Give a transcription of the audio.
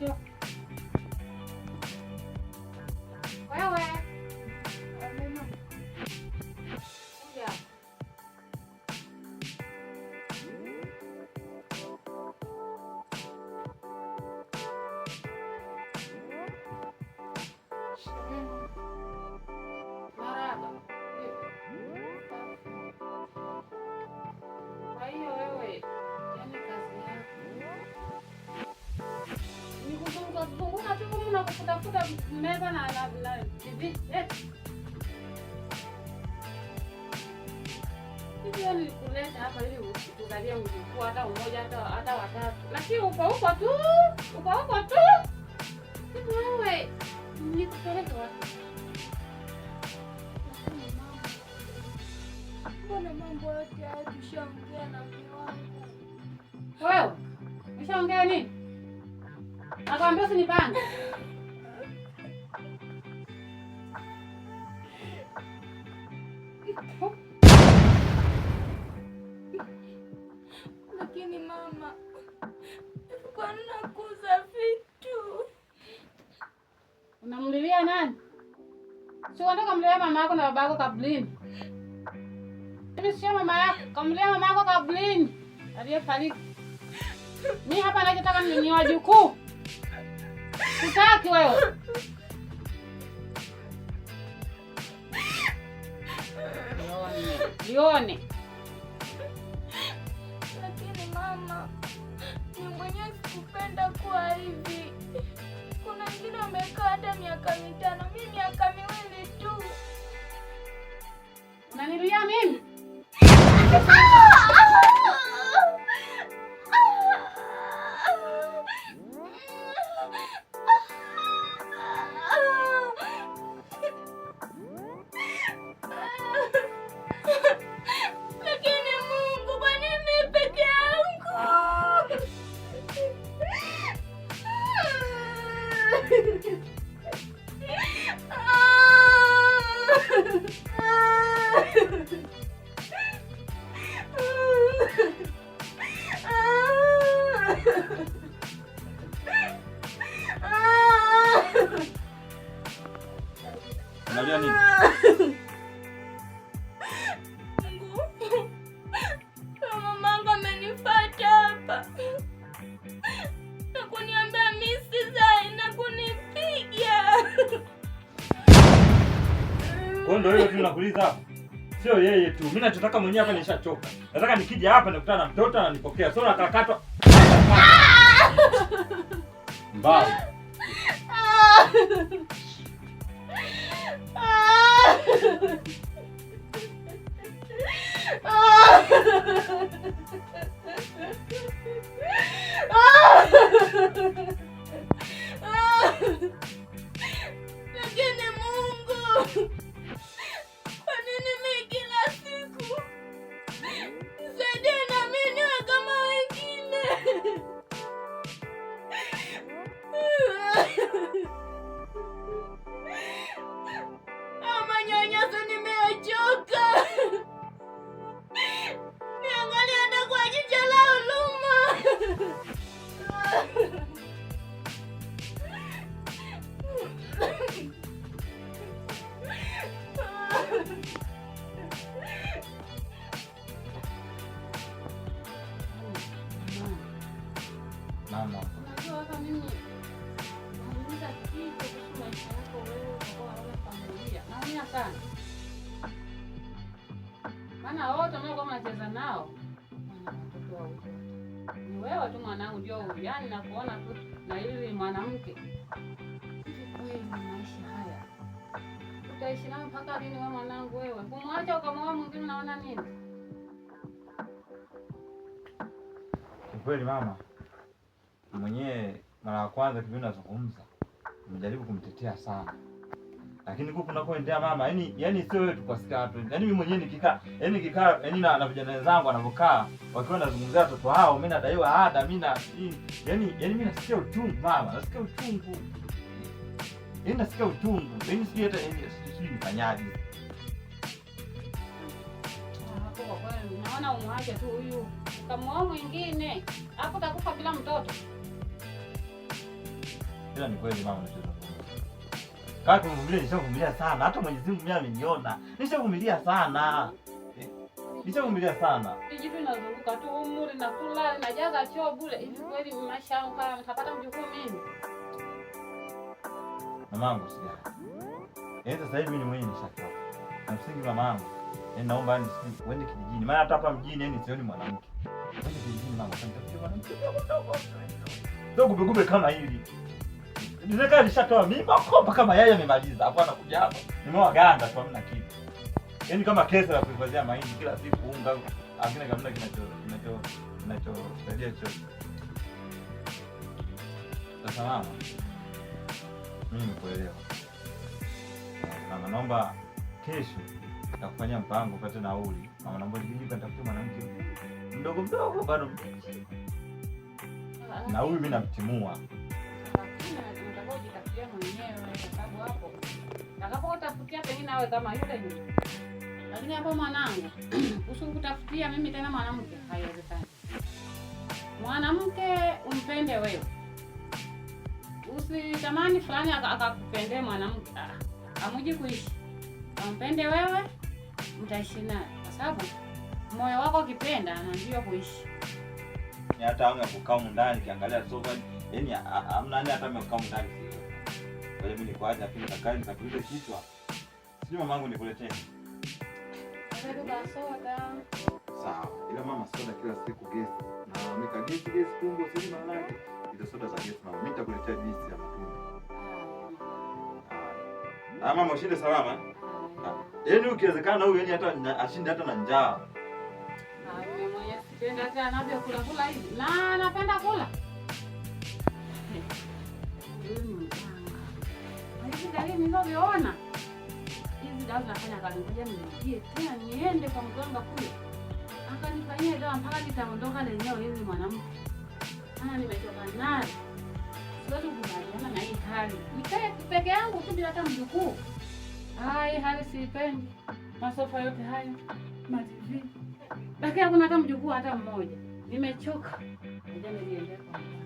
終了 kutafuta meza na Hivyo eh. yaani nilikuleta hapa ili ukuzalie mjukuu hata umoja hata watatu. Lakini uko huko tu. Uko huko tu. Siku wewe nikupeleke wapi? Mbona mambo yote haya tushaongea na mke wangu? Wewe, ushaongea nini? Nakwambia usinipange. Lakini mama, kwa nini nakuuza vitu? Unamlilia nani? Si unataka kumlilia mama yako na baba yako kaburini? Mimi sio mama yako, kamlilia mama yako kaburini aliyefariki. Mi hapa nachotaka ni wajukuu. Sitaki wewe. Lione. Lione. sikupenda kuwa hivi. Kuna wengine wamekaa hata miaka mitano, mi miaka miwili tu. Unanilia mimi? Ah! ndio hiyo tu nakuuliza hapo. Sio yeye tu. Mimi nachotaka mwenyewe hapa nishachoka. Nataka nikija hapa nikutana na mtoto ananipokea. Sio nakakatwa. Mbaya. Ah. Ah. Naam. Unajua kama mimi nauliza Maana wote wanaokuwa wanacheza nao watoto wao. Ni wewe tu mwanangu ndio Yaani nakuona tu na ili mwanamke. Hivi kweli maisha haya. Utaishi nao mpaka lini wewe mwanangu wewe? Kumwacha ukamwoa mwingine unaona nini? Kweli mama mwenyewe mara ya kwanza kipindi nazungumza, nimejaribu kumtetea sana, lakini huku kunakoendea mama, yani yani sio wewe tu kwa sika, yani mimi mwenyewe nikikaa, yani nikikaa, yani na, na vijana wenzangu wanavyokaa wakiwa nazungumzia watoto hao, mimi nadaiwa ada, mimi na yani yani yaani mimi nasikia uchungu mama, nasikia uchungu, yani nasikia uchungu, yani sikia hata yani sijui nifanyaje. Naona umwache tu huyu, kama mwingine hapo takufa bila mtoto ila ni kweli mama, Kaka unachovumilia nishavumilia sana, hata Mwenyezi Mungu mimi ameniona nishavumilia sana nishavumilia sana. Nazunguka tu umri na kula na jaza choo bure. Hivi kweli mnashamba mtapata mjukuu mimi? Mamangu sija. Eh, sasa hivi mimi mwenyewe nishaka. Na msingi mamangu. Eh, naomba yani uende kijijini. Maana hata hapa mjini yani sioni mwanamke. Uende kijijini mama, kanitafutie mwanamke. Ndio gube kama hivi. Nimekaa nishatoa mimba kopa kama yeye amemaliza. Hapo anakuja hapo. Nimewaganda tu hamna kitu. Yaani kama kesa la kuhifadhia mahindi kila siku unga hakuna kama kinacho kinacho kinachosaidia chochote. Sasa mama. Mimi nimekuelewa. Mama naomba kesho nitakufanyia mpango upate nauli. Mama naomba nikijipa nitafuta mwanamke mdogo mdogo bado mdogo. Na huyu mimi namtimua wewe jitafutia mwenyewe, kwa sababu hapo utakapotafutia pengine awe kama yule yule. Lakini hapo mwanangu, usikutafutia mimi tena mwanamke, haiwezekani. Mwanamke umpende wewe, usitamani fulani akakupende mwanamke, ah, amuji kuishi. ampende wewe, mtaishi naye, kwa sababu moyo wako ukipenda, anajua kuishi hata kukaa ndani kiangalia sofa yani hamna yani hata amekaa mtani kwa mimi niko aje lakini nikakaa nikapiga kichwa sijui mamangu nikuletee sawa ila mama soda kila siku gesi na mika gesi gesi tumbo sijui maana yake ile soda za gesi mama mimi nitakuletea juisi ya matunda ah mama ushinde salama yaani ukiwezekana huyu yani hata ashinde hata na njaa ah mimi mwenyewe sipendi hata anavyokula kula hivi na anapenda kula ninavyoona hizi dawa zinafanya kazi, ngoja nirudie tena niende kwa mganga kule akanifanyia dawa mpaka nitaondoka lenyewe. Hizi mwanamke ana nimechoka naye, siwezi kubaliana na hii hali, nikae peke yangu tu bila hata mjukuu. Hai hali siipendi, masofa yote hayo mativi, lakini hakuna hata mjukuu hata mmoja. Nimechoka, ngoja niende kwa